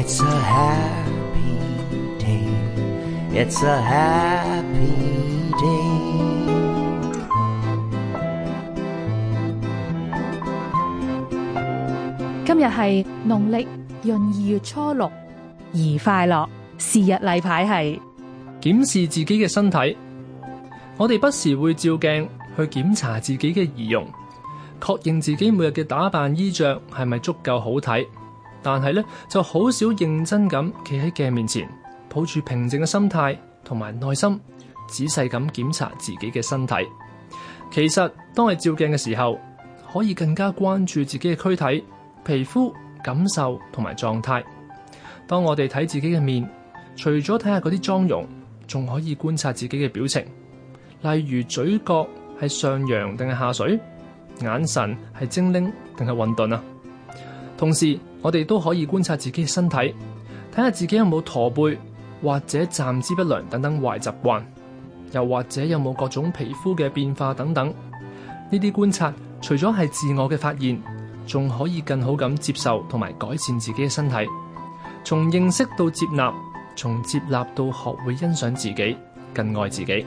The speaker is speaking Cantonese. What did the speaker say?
It's a happy day. It's a happy day. 今日係農曆閏二月初六，宜快樂。是日例牌係檢視自己嘅身體。我哋不時會照鏡去檢查自己嘅儀容。確認自己每日嘅打扮衣着係咪足夠好睇，但係咧就好少認真咁企喺鏡面前，抱住平靜嘅心態同埋耐心，仔細咁檢查自己嘅身體。其實當係照鏡嘅時候，可以更加關注自己嘅軀體、皮膚感受同埋狀態。當我哋睇自己嘅面，除咗睇下嗰啲妝容，仲可以觀察自己嘅表情，例如嘴角係上揚定係下垂。眼神係精靈定係混沌啊？同時，我哋都可以觀察自己嘅身體，睇下自己有冇駝背或者站姿不良等等壞習慣，又或者有冇各種皮膚嘅變化等等。呢啲觀察除咗係自我嘅發現，仲可以更好咁接受同埋改善自己嘅身體，從認識到接納，從接納到學會欣賞自己，更愛自己。